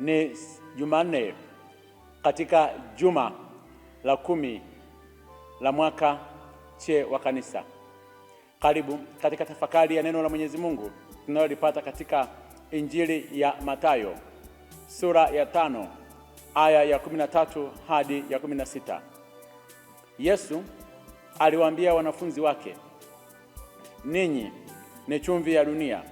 ni Jumanne katika juma la kumi la mwaka che wa kanisa. Karibu katika tafakari ya neno la Mwenyezi Mungu tunalolipata katika Injili ya Mathayo sura ya tano aya ya kumi na tatu hadi ya kumi na sita. Yesu aliwaambia wanafunzi wake, ninyi ni chumvi ya dunia,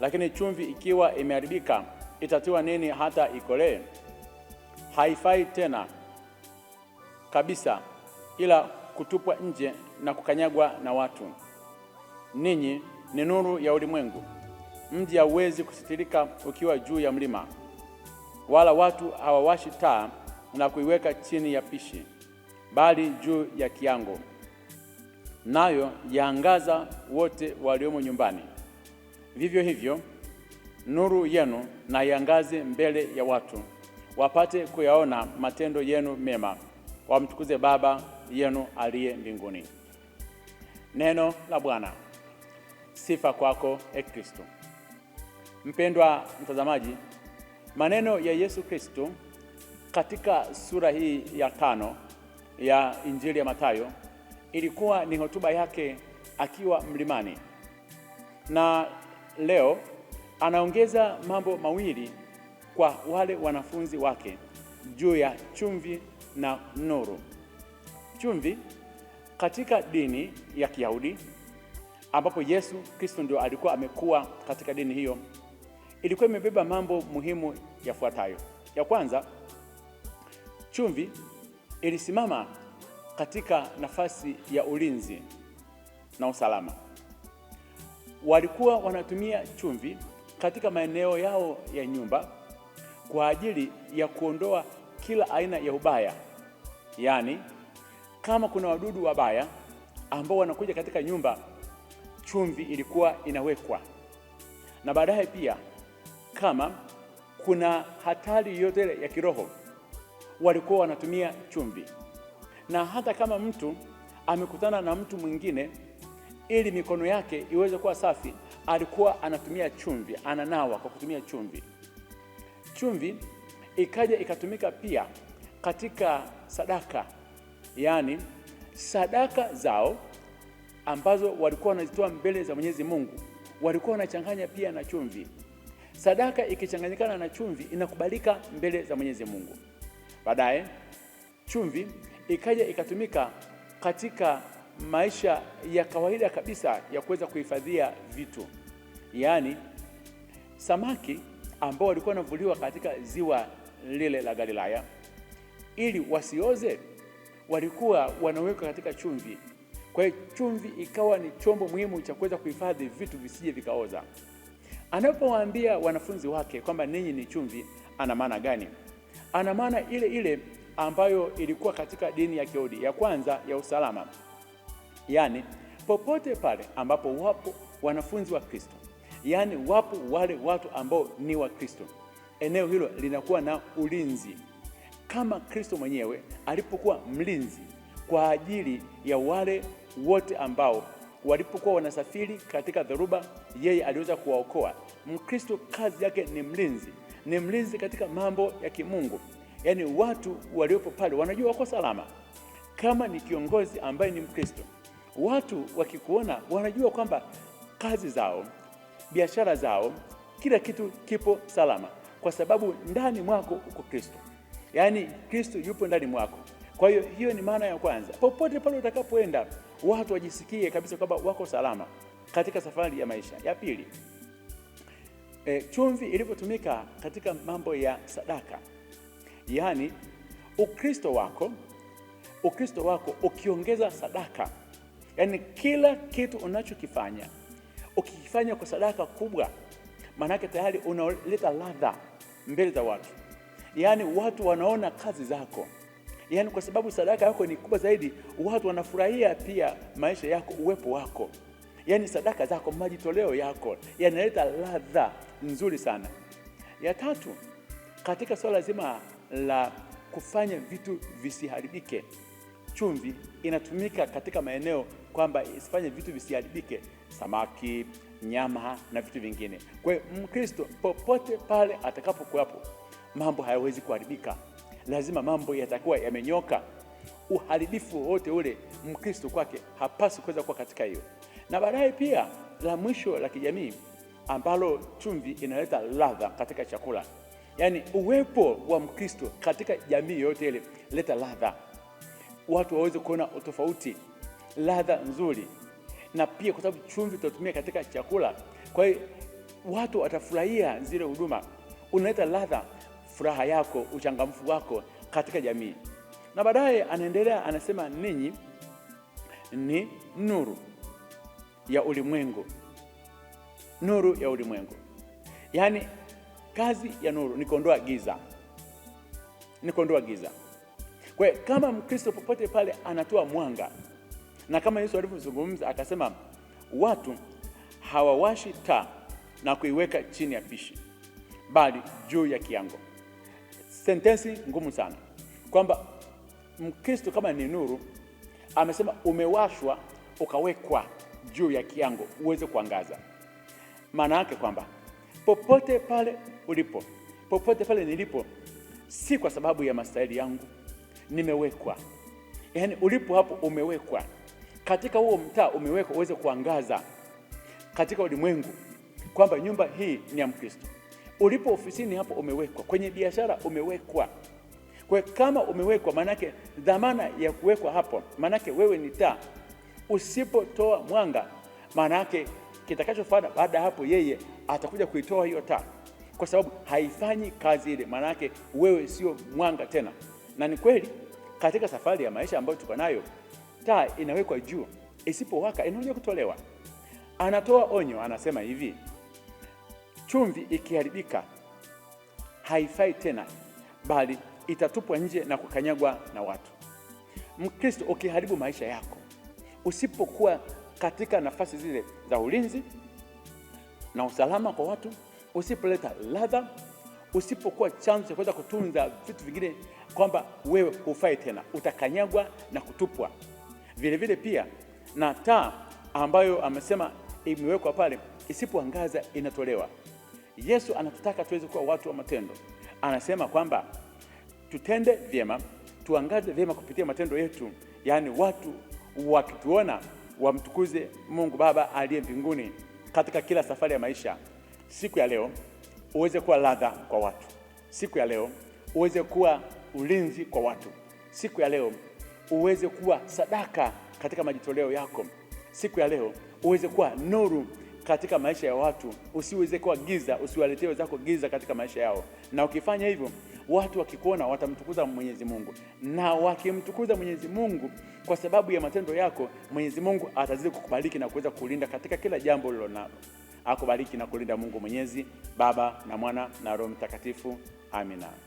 lakini chumvi ikiwa imeharibika itatiwa nini hata ikolee? Haifai tena kabisa, ila kutupwa nje na kukanyagwa na watu. Ninyi ni nuru ya ulimwengu. Mji hauwezi kusitirika ukiwa juu ya mlima, wala watu hawawashi taa na kuiweka chini ya pishi, bali juu ya kiango, nayo yaangaza wote waliomo nyumbani. Vivyo hivyo nuru yenu na yangaze mbele ya watu, wapate kuyaona matendo yenu mema, wamtukuze Baba yenu aliye mbinguni. Neno la Bwana. Sifa kwako e Kristo. Mpendwa mtazamaji, maneno ya Yesu Kristo katika sura hii ya tano ya Injili ya Mathayo ilikuwa ni hotuba yake akiwa mlimani, na leo anaongeza mambo mawili kwa wale wanafunzi wake juu ya chumvi na nuru. Chumvi katika dini ya Kiyahudi ambapo Yesu Kristo ndio alikuwa amekuwa katika dini hiyo, ilikuwa imebeba mambo muhimu yafuatayo. Ya kwanza, chumvi ilisimama katika nafasi ya ulinzi na usalama. Walikuwa wanatumia chumvi katika maeneo yao ya nyumba kwa ajili ya kuondoa kila aina ya ubaya. Yaani, kama kuna wadudu wabaya ambao wanakuja katika nyumba, chumvi ilikuwa inawekwa, na baadaye pia kama kuna hatari yoyote ya kiroho walikuwa wanatumia chumvi, na hata kama mtu amekutana na mtu mwingine, ili mikono yake iweze kuwa safi alikuwa anatumia chumvi, ananawa kwa kutumia chumvi. Chumvi ikaja ikatumika pia katika sadaka, yaani sadaka zao ambazo walikuwa wanazitoa mbele za Mwenyezi Mungu walikuwa wanachanganya pia na chumvi. Sadaka ikichanganyikana na chumvi inakubalika mbele za Mwenyezi Mungu. Baadaye chumvi ikaja ikatumika katika maisha ya kawaida kabisa ya kuweza kuhifadhia vitu, yaani samaki ambao walikuwa wanavuliwa katika ziwa lile la Galilaya ili wasioze, walikuwa wanawekwa katika chumvi. Kwa hiyo chumvi ikawa ni chombo muhimu cha kuweza kuhifadhi vitu visije vikaoza. Anapowaambia wanafunzi wake kwamba ninyi ni chumvi, ana maana gani? Ana maana ile ile ambayo ilikuwa katika dini ya Kiyahudi ya kwanza ya usalama. Yaani popote pale ambapo wapo wanafunzi wa Kristo, yaani wapo wale watu ambao ni wa Kristo, eneo hilo linakuwa na ulinzi, kama Kristo mwenyewe alipokuwa mlinzi kwa ajili ya wale wote ambao walipokuwa wanasafiri katika dhoruba, yeye aliweza kuwaokoa. Mkristo kazi yake ni mlinzi, ni mlinzi katika mambo ya kimungu. Yaani watu waliopo pale wanajua wako salama. Kama ni kiongozi ambaye ni Mkristo Watu wakikuona wanajua kwamba kazi zao, biashara zao, kila kitu kipo salama, kwa sababu ndani mwako uko Kristo, yaani Kristo yupo ndani mwako. Kwa hiyo hiyo ni maana ya kwanza. Popote pale utakapoenda, watu wajisikie kabisa kwamba wako salama katika safari ya maisha. Ya pili, e, chumvi ilivyotumika katika mambo ya sadaka, yaani Ukristo wako Ukristo wako ukiongeza sadaka Yaani kila kitu unachokifanya ukikifanya kwa sadaka kubwa, maanake tayari unaleta ladha mbele za watu, yaani watu wanaona kazi zako, yaani kwa sababu sadaka yako ni kubwa zaidi, watu wanafurahia pia maisha yako, uwepo wako, yaani sadaka zako, majitoleo yako yanaleta ladha nzuri sana. Ya tatu, katika swala zima la kufanya vitu visiharibike, chumvi inatumika katika maeneo kwamba isifanye vitu visiharibike, samaki, nyama na vitu vingine. Kwa hiyo Mkristo popote pale atakapokuwapo, mambo hayawezi kuharibika, lazima mambo yatakuwa yamenyoka. Uharibifu wowote ule Mkristo kwake hapaswi kuweza kuwa katika hiyo. Na baadaye pia la mwisho la kijamii ambalo chumvi inaleta ladha katika chakula, yaani uwepo wa Mkristo katika jamii yoyote ile leta ladha, watu waweze kuona utofauti ladha nzuri, na pia kwa sababu chumvi tutatumia katika chakula, kwa hiyo watu watafurahia zile huduma. Unaleta ladha, furaha yako, uchangamfu wako katika jamii. Na baadaye anaendelea anasema, ninyi ni nuru ya ulimwengu. Nuru ya ulimwengu, yaani kazi ya nuru ni kuondoa giza, ni kuondoa giza. Kwa hiyo kama Mkristo popote pale anatoa mwanga na kama Yesu alivyozungumza akasema, watu hawawashi taa na kuiweka chini ya pishi, bali juu ya kiango. Sentensi ngumu sana, kwamba Mkristo kama ni nuru, amesema umewashwa ukawekwa juu ya kiango uweze kuangaza. Maana yake kwamba popote pale ulipo, popote pale nilipo, si kwa sababu ya mastahili yangu, nimewekwa. Yaani ulipo hapo umewekwa katika huo mtaa umewekwa uweze kuangaza katika ulimwengu kwamba nyumba hii ni ya Mkristo. Ulipo ofisini hapo umewekwa, kwenye biashara umewekwa. Kwa kama umewekwa, maanake dhamana ya kuwekwa hapo, maanake wewe ni taa. Usipotoa mwanga, maanake kitakachofuata baada ya hapo, yeye atakuja kuitoa hiyo taa, kwa sababu haifanyi kazi ile, maanake wewe sio mwanga tena. Na ni kweli katika safari ya maisha ambayo tuko nayo taa inawekwa juu, isipowaka inaja kutolewa. Anatoa onyo, anasema hivi, chumvi ikiharibika haifai tena, bali itatupwa nje na kukanyagwa na watu. Mkristo, ukiharibu maisha yako, usipokuwa katika nafasi zile za ulinzi na usalama kwa watu, usipoleta ladha, usipokuwa chanzo cha kuweza kutunza vitu vingine, kwamba wewe hufai tena, utakanyagwa na kutupwa vilevile pia na taa ambayo amesema imewekwa pale, isipoangaza inatolewa. Yesu anatutaka tuweze kuwa watu wa matendo. Anasema kwamba tutende vyema, tuangaze vyema kupitia matendo yetu, yaani watu wakituona wamtukuze Mungu Baba aliye mbinguni katika kila safari ya maisha. Siku ya leo uweze kuwa ladha kwa watu, siku ya leo uweze kuwa ulinzi kwa watu, siku ya leo uweze kuwa sadaka katika majitoleo yako siku ya leo, uweze kuwa nuru katika maisha ya watu, usiweze kuwa giza, usiwaletee wenzako giza katika maisha yao. Na ukifanya hivyo, watu wakikuona watamtukuza Mwenyezi Mungu, na wakimtukuza Mwenyezi Mungu kwa sababu ya matendo yako, Mwenyezi Mungu atazidi kukubariki na kuweza kulinda katika kila jambo ulilonalo. Akubariki na kulinda Mungu Mwenyezi, Baba na Mwana na Roho Mtakatifu. Amina.